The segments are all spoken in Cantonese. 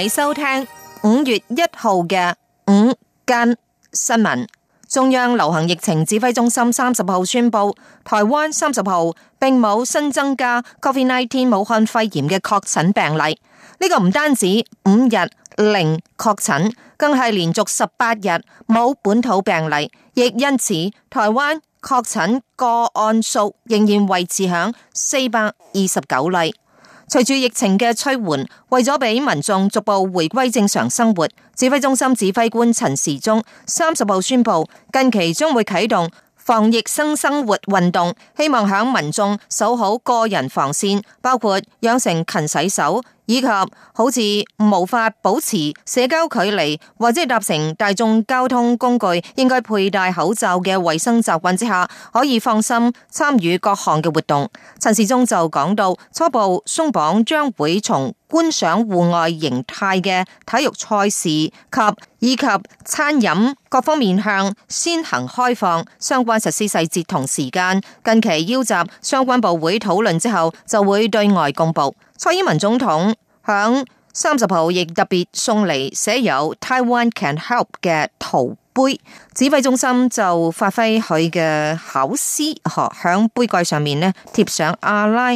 你收聽五月一號嘅午間新聞。中央流行疫情指揮中心三十號宣布，台灣三十號並冇新增加 COVID-19 武漢肺炎嘅確診病例。呢個唔單止五日零確診，更係連續十八日冇本土病例，亦因此台灣確診個案數仍然維持響四百二十九例。隨住疫情嘅趨緩，為咗俾民眾逐步回歸正常生活，指揮中心指揮官陳時中三十號宣布，近期將會啟動防疫新生活運動，希望向民眾守好個人防線，包括養成勤洗手。以及好似無法保持社交距離或者搭乘大眾交通工具，應該佩戴口罩嘅衛生習慣之下，可以放心參與各項嘅活動。陳時中就講到初步鬆綁將會從觀賞戶外形態嘅體育賽事及以及餐飲各方面向先行開放，相關實施細節同時間，近期邀集相關部會討論之後就會對外公佈。蔡英文總統響三十號亦特別送嚟寫有 Taiwan Can Help 嘅陶杯，指揮中心就發揮佢嘅巧思，學響杯蓋上面呢貼上阿拉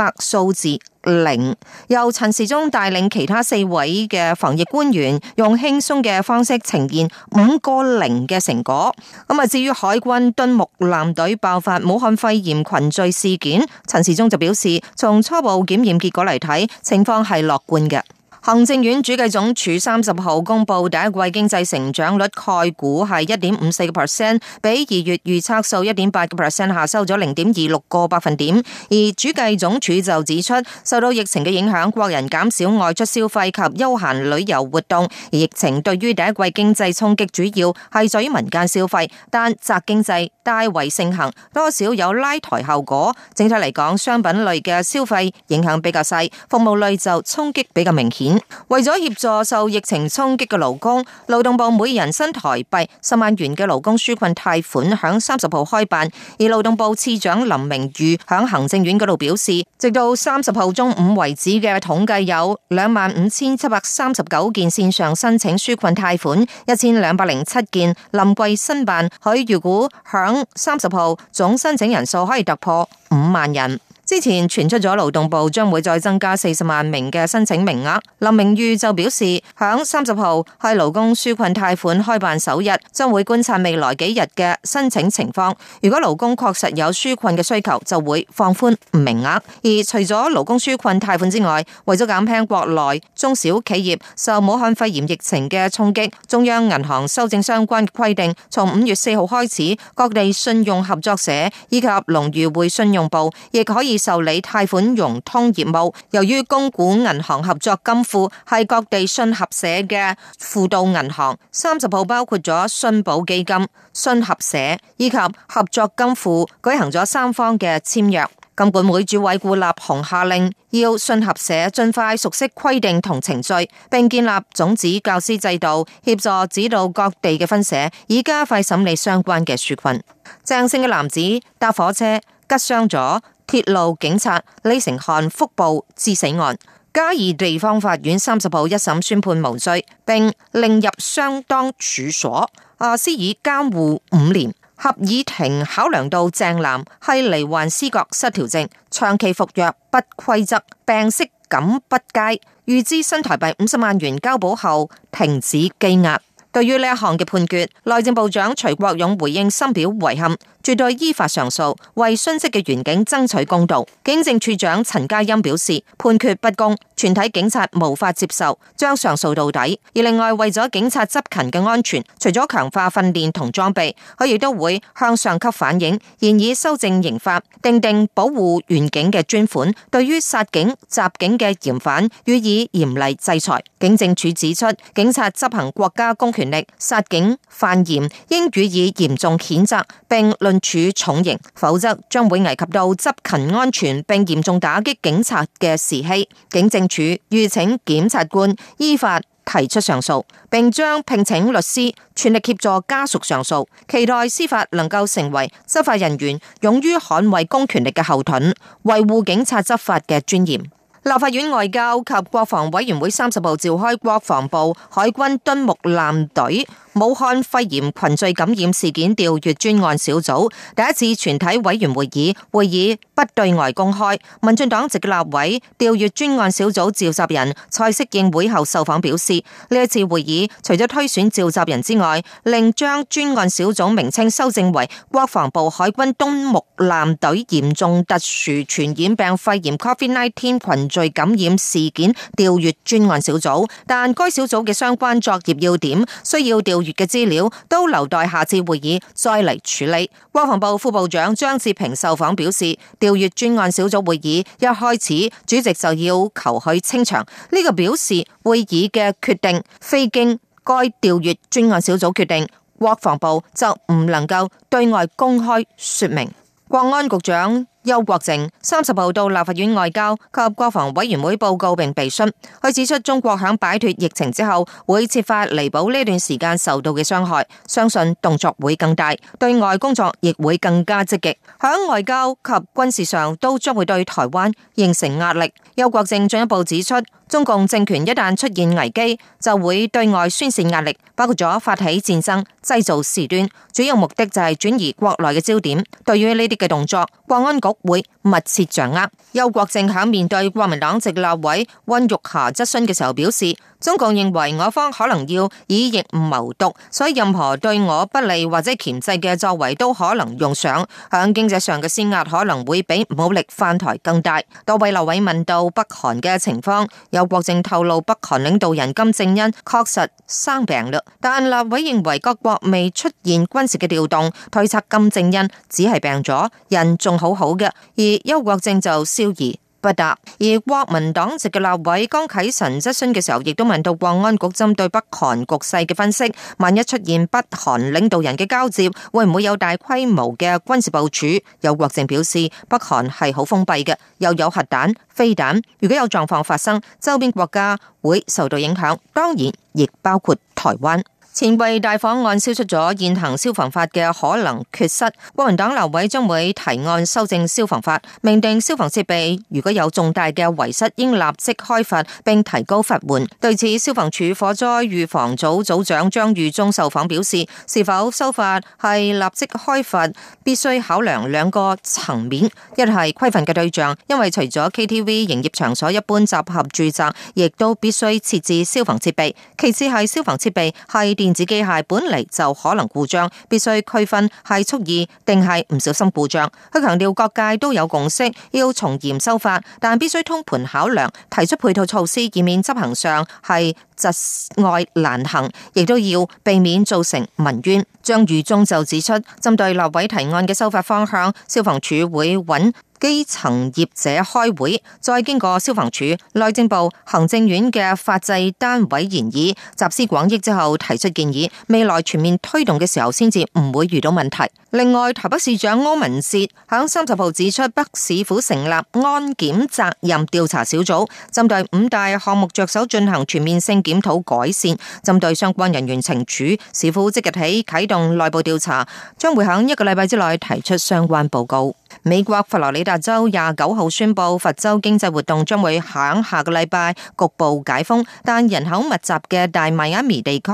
白數字零，由陳時中帶領其他四位嘅防疫官員，用輕鬆嘅方式呈現五個零嘅成果。咁啊，至於海軍敦睦艦隊爆發武漢肺炎群聚事件，陳時中就表示，從初步檢驗結果嚟睇，情況係樂觀嘅。行政院主計總處三十號公布第一季經濟成長率概估係一點五四個 percent，比二月預測數一點八個 percent 下收咗零點二六個百分點。而主計總處就指出，受到疫情嘅影響，國人減少外出消費及休閒旅遊活動，而疫情對於第一季經濟衝擊主要係在於民間消費，但宅經濟大為盛行，多少有拉抬效果。整體嚟講，商品類嘅消費影響比較細，服務類就衝擊比較明顯。為咗協助受疫情衝擊嘅勞工，勞動部每人新台幣十萬元嘅勞工紓困貸款，響三十號開辦。而勞動部次長林明瑜響行政院嗰度表示，直到三十號中午為止嘅統計有兩萬五千七百三十九件線上申請紓困貸款，一千兩百零七件臨櫃申辦。佢預估響三十號總申請人數可以突破五萬人。之前傳出咗勞動部將會再增加四十萬名嘅申請名額，林明裕就表示，響三十號係勞工紓困貸款開辦首日，將會觀察未來幾日嘅申請情況。如果勞工確實有紓困嘅需求，就會放寬名額。而除咗勞工紓困貸款之外，為咗減輕國內中小企業受武漢肺炎疫情嘅衝擊，中央銀行修正相關嘅規定，從五月四號開始，各地信用合作社以及農漁會信用部亦可以。受理貸款融通業務，由於公股銀行合作金庫係各地信合社嘅輔導銀行，三十號包括咗信保基金、信合社以及合作金庫舉行咗三方嘅簽約。金管會主委顧立雄下令要信合社盡快熟悉規定同程序，並建立種子教師制度，協助指導各地嘅分社，以加快審理相關嘅紓困。鄭姓嘅男子搭火車，刺傷咗鐵路警察李承翰腹部致死案，嘉義地方法院三十號一審宣判無罪，並令入相當處所，施以監護五年。合議庭考量到鄭男係罹患思覺失調症，長期服藥不規則，病識感不佳，諭知新台幣五十萬元交保後停止羈押。對於呢一項嘅判決，內政部長徐國勇回應深表遺憾。絕對依法上訴，為殉職嘅員警爭取公道。警政署長陳家欽表示，判決不公，全體警察無法接受，將上訴到底。而另外為咗警察執勤嘅安全，除咗強化訓練同裝備，佢亦都會向上級反映，研議修正刑法，訂定，定保護員警嘅專款，對於殺警、襲警嘅嫌犯予以嚴厲制裁。警政署指出，警察執行國家公權力，殺警犯嫌應予以嚴重譴責，並，判處重刑，否則將會危及到執勤安全，並嚴重打擊警察嘅士氣。警政署籲請檢察官依法提出上訴，並將聘請律師全力協助家屬上訴，期待司法能夠成為執法人員勇於捍衛公權力嘅後盾，維護警察執法嘅尊嚴。立法院外交及國防委員會三十號召開，國防部海軍敦睦艦隊。武漢肺炎群聚感染事件調閱專案小組第一次全體委員會議，會議不對外公開。民進黨籍立委調閱專案小組召集人蔡適應會後受訪表示，呢一次會議除咗推選召集人之外，另將專案小組名稱修正為國防部海軍敦睦艦隊嚴重特殊傳染病肺炎 Covid-19 群聚感染事件調閱專案小組，但該小組嘅相關作業要點需要調。月嘅資料都留待下次會議再嚟處理。國防部副部長張志平受訪表示，調閱專案小組會議一開始，主席就要求佢清場。呢、這個表示會議嘅決定非經該調閱專案小組決定，國防部就唔能夠對外公開說明。國安局長。邱國正三十號到立法院外交及國防委員會報告並備詢，佢指出中國響擺脫疫情之後會設法彌補呢段時間受到嘅傷害，相信動作會更大，對外工作亦會更加積極，響外交及軍事上都將會對台灣形成壓力。邱國正進一步指出，中共政權一旦出現危機，就會對外宣洩壓力，包括咗發起戰爭、製造事端，主要目的就係轉移國內嘅焦點。對於呢啲嘅動作，國安局。會密切掌握。邱國正喺面對國民黨籍立委溫玉霞質詢嘅時候表示，中共認為我方可能要以疫謀獨，所以任何對我不利或者鉗制嘅作為都可能用上。響經濟上嘅施壓可能會比武力犯台更大。多位立委問到北韓嘅情況，邱國正透露北韓領導人金正恩確實生病啦，但立委認為各國未出現軍事嘅調動，推測金正恩只係病咗，人仲好好。而邱國正就笑而不答。而國民黨籍嘅立委江啟臣質詢嘅時候，亦都問到國安局針對北韓局勢嘅分析，萬一出現北韓領導人嘅交接，會唔會有大規模嘅軍事部署？邱國正表示，北韓係好封閉嘅，又有核彈、飛彈。如果有狀況發生，周邊國家會受到影響，當然亦包括台灣。前備大火案燒出咗現行消防法嘅可能缺失，國民黨劉委將會提案修正消防法，明定消防設備如果有重大嘅遺失，應立即開罰並提高罰鍰。對此，消防署火災預防組組長張宇忠受訪表示：是否修法係立即開罰，必須考量兩個層面，一係規範嘅對象，因為除咗 KTV 營業場所，一般集合住宅亦都必須設置消防設備；其次係消防設備係。電子機械本嚟就可能故障，必須區分係蓄意定係唔小心故障。佢強調各界都有共識，要從嚴修法，但必須通盤考量，提出配套措施，以免執行上係窒礙難行，亦都要避免造成民怨。張宇中就指出，針對立委提案嘅修法方向，消防署會穩。基層業者開會，再經過消防署、內政部、行政院嘅法制單位研議，集思廣益之後提出建議，未來全面推動嘅時候，先至唔會遇到問題。另外，台北市長柯文哲響三十號指出，北市府成立安檢責任調查小組，針對五大項目着手進行全面性檢討改善，針對相關人員懲處，市府即日起啟動內部調查，將會喺一個禮拜之內提出相關報告。美國佛羅里達。下周廿九號宣布，佛州經濟活動將會響下個禮拜局部解封，但人口密集嘅大邁阿密地區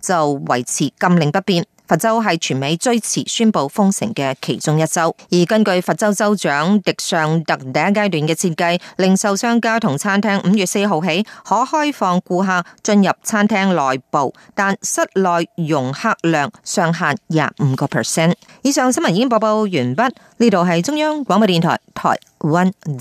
就維持禁令不變。佛州係全美最遲宣布封城嘅其中一州，而根據佛州州長迪尚特第一階段嘅設計，零售商家同餐廳五月四號起可開放顧客進入餐廳內部，但室內容客量上限廿五個 percent。以上新聞已經播報完畢，呢度係中央廣播電台台灣。